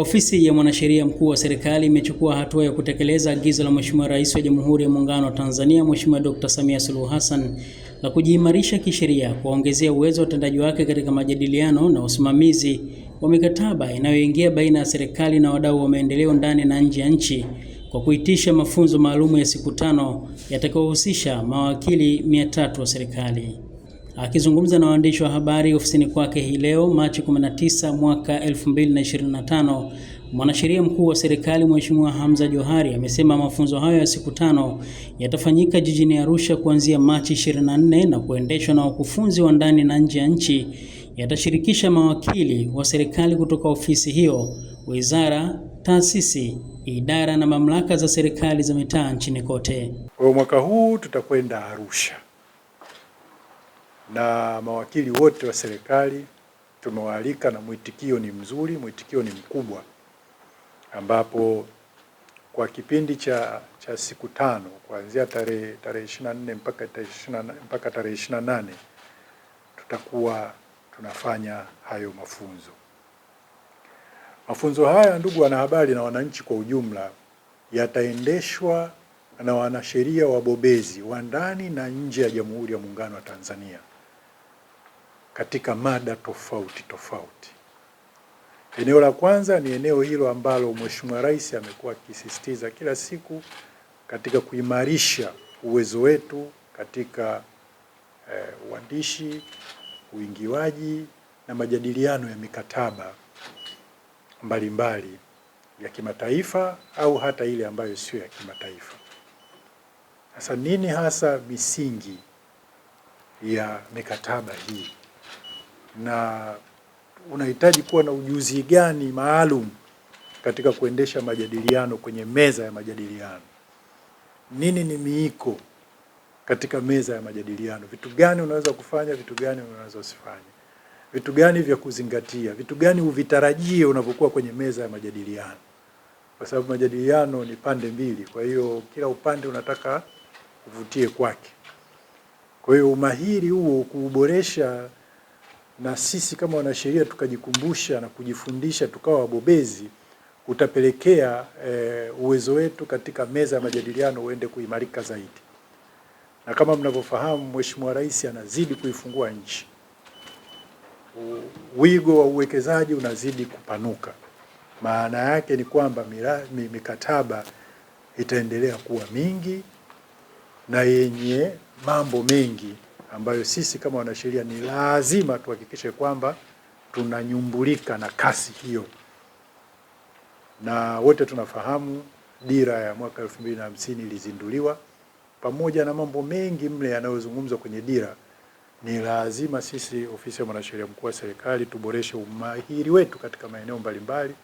Ofisi ya Mwanasheria Mkuu wa Serikali imechukua hatua ya kutekeleza agizo la Mheshimiwa Rais wa Jamhuri ya Muungano wa Tanzania, Mheshimiwa Dr. Samia Suluhu Hassan la kujiimarisha kisheria, kuwaongezea uwezo wa utendaji wake katika majadiliano na usimamizi wa mikataba inayoingia baina ya serikali na wadau wa maendeleo ndani na nje ya nchi kwa kuitisha mafunzo maalumu ya siku tano yatakayohusisha mawakili 300 wa serikali. Akizungumza na waandishi wa habari ofisini kwake hii leo Machi 19 mwaka 2025, mwanasheria mkuu wa serikali Mheshimiwa Hamza Johari amesema mafunzo hayo ya siku tano yatafanyika jijini Arusha kuanzia Machi 24 na kuendeshwa na wakufunzi wa ndani na nje ya nchi. Yatashirikisha mawakili wa serikali kutoka ofisi hiyo, wizara, taasisi, idara na mamlaka za serikali za mitaa nchini kote. Kwa mwaka huu tutakwenda Arusha na mawakili wote wa serikali tumewaalika na mwitikio ni mzuri, mwitikio ni mkubwa, ambapo kwa kipindi cha, cha siku tano kuanzia tarehe tarehe 24 mpaka tarehe mpaka tarehe 28 tutakuwa tunafanya hayo mafunzo. Mafunzo haya, ndugu wanahabari na wananchi kwa ujumla, yataendeshwa na wanasheria wabobezi wa ndani na nje ya Jamhuri ya Muungano wa Tanzania katika mada tofauti tofauti. Eneo la kwanza ni eneo hilo ambalo Mheshimiwa Rais amekuwa akisisitiza kila siku katika kuimarisha uwezo wetu katika eh, uandishi, uingiwaji na majadiliano ya mikataba mbalimbali mbali ya kimataifa au hata ile ambayo sio ya kimataifa. Sasa nini hasa misingi ya mikataba hii? na unahitaji kuwa na ujuzi gani maalum katika kuendesha majadiliano kwenye meza ya majadiliano. Nini ni miiko katika meza ya majadiliano? Vitu gani unaweza kufanya, vitu gani unaweza usifanye, vitu gani vya kuzingatia, vitu gani uvitarajie unapokuwa kwenye meza ya majadiliano, kwa sababu majadiliano ni pande mbili. Kwa hiyo kila upande unataka uvutie kwake. Kwa hiyo umahiri huo kuuboresha na sisi kama wanasheria tukajikumbusha na kujifundisha tukawa wabobezi, utapelekea e, uwezo wetu katika meza ya majadiliano uende kuimarika zaidi. Na kama mnavyofahamu, Mheshimiwa Rais anazidi kuifungua nchi, wigo wa uwekezaji unazidi kupanuka. Maana yake ni kwamba mikataba itaendelea kuwa mingi na yenye mambo mengi ambayo sisi kama wanasheria ni lazima tuhakikishe kwamba tunanyumbulika na kasi hiyo, na wote tunafahamu dira ya mwaka elfu mbili na hamsini ilizinduliwa. Pamoja na mambo mengi mle yanayozungumzwa kwenye dira, ni lazima sisi ofisi ya mwanasheria mkuu wa serikali tuboreshe umahiri wetu katika maeneo mbalimbali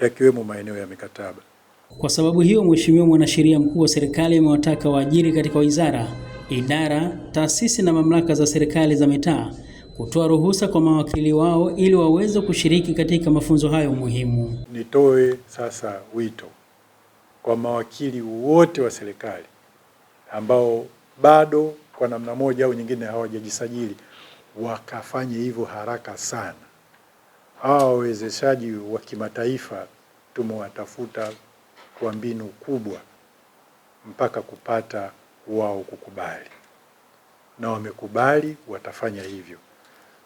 yakiwemo maeneo ya mikataba. Kwa sababu hiyo, Mheshimiwa Mwanasheria Mkuu wa Serikali amewataka waajiri katika wizara idara, taasisi na mamlaka za serikali za mitaa kutoa ruhusa kwa mawakili wao ili waweze kushiriki katika mafunzo hayo muhimu. Nitoe sasa wito kwa mawakili wote wa serikali ambao bado kwa namna moja au nyingine hawajajisajili wakafanye hivyo haraka sana. Hawa wawezeshaji wa kimataifa tumewatafuta kwa mbinu kubwa mpaka kupata wao kukubali, na wamekubali watafanya hivyo.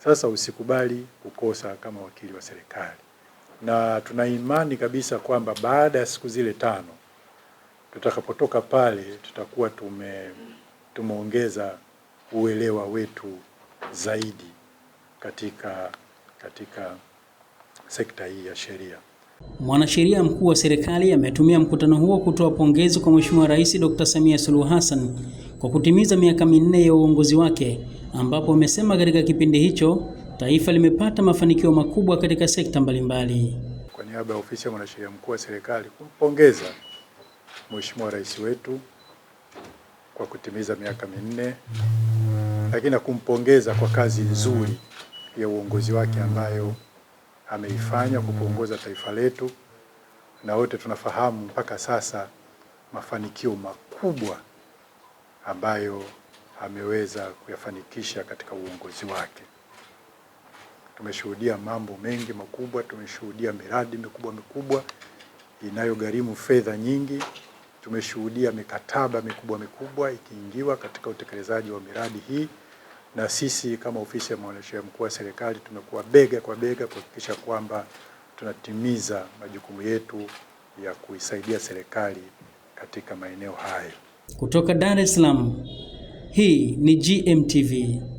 Sasa usikubali kukosa kama wakili wa serikali, na tuna imani kabisa kwamba baada ya siku zile tano tutakapotoka pale tutakuwa tume tumeongeza uelewa wetu zaidi katika katika sekta hii ya sheria. Mwanasheria mkuu wa serikali ametumia mkutano huo kutoa pongezi kwa Mheshimiwa Rais Dr. Samia Suluhu Hassan kwa kutimiza miaka minne ya uongozi wake ambapo amesema katika kipindi hicho taifa limepata mafanikio makubwa katika sekta mbalimbali. Kwa niaba ya ofisi ya mwanasheria mkuu wa serikali kumpongeza Mheshimiwa Rais wetu kwa kutimiza miaka minne, lakini na kumpongeza kwa kazi nzuri ya uongozi wake ambayo ameifanya kupongoza taifa letu, na wote tunafahamu mpaka sasa mafanikio makubwa ambayo ameweza kuyafanikisha katika uongozi wake. Tumeshuhudia mambo mengi makubwa, tumeshuhudia miradi mikubwa mikubwa inayogharimu fedha nyingi, tumeshuhudia mikataba mikubwa mikubwa ikiingiwa katika utekelezaji wa miradi hii na sisi kama ofisi ya mwanasheria mkuu wa serikali tumekuwa bega kwa bega kuhakikisha kwamba tunatimiza majukumu yetu ya kuisaidia serikali katika maeneo hayo. Kutoka Dar es Salaam, hii ni GMTV.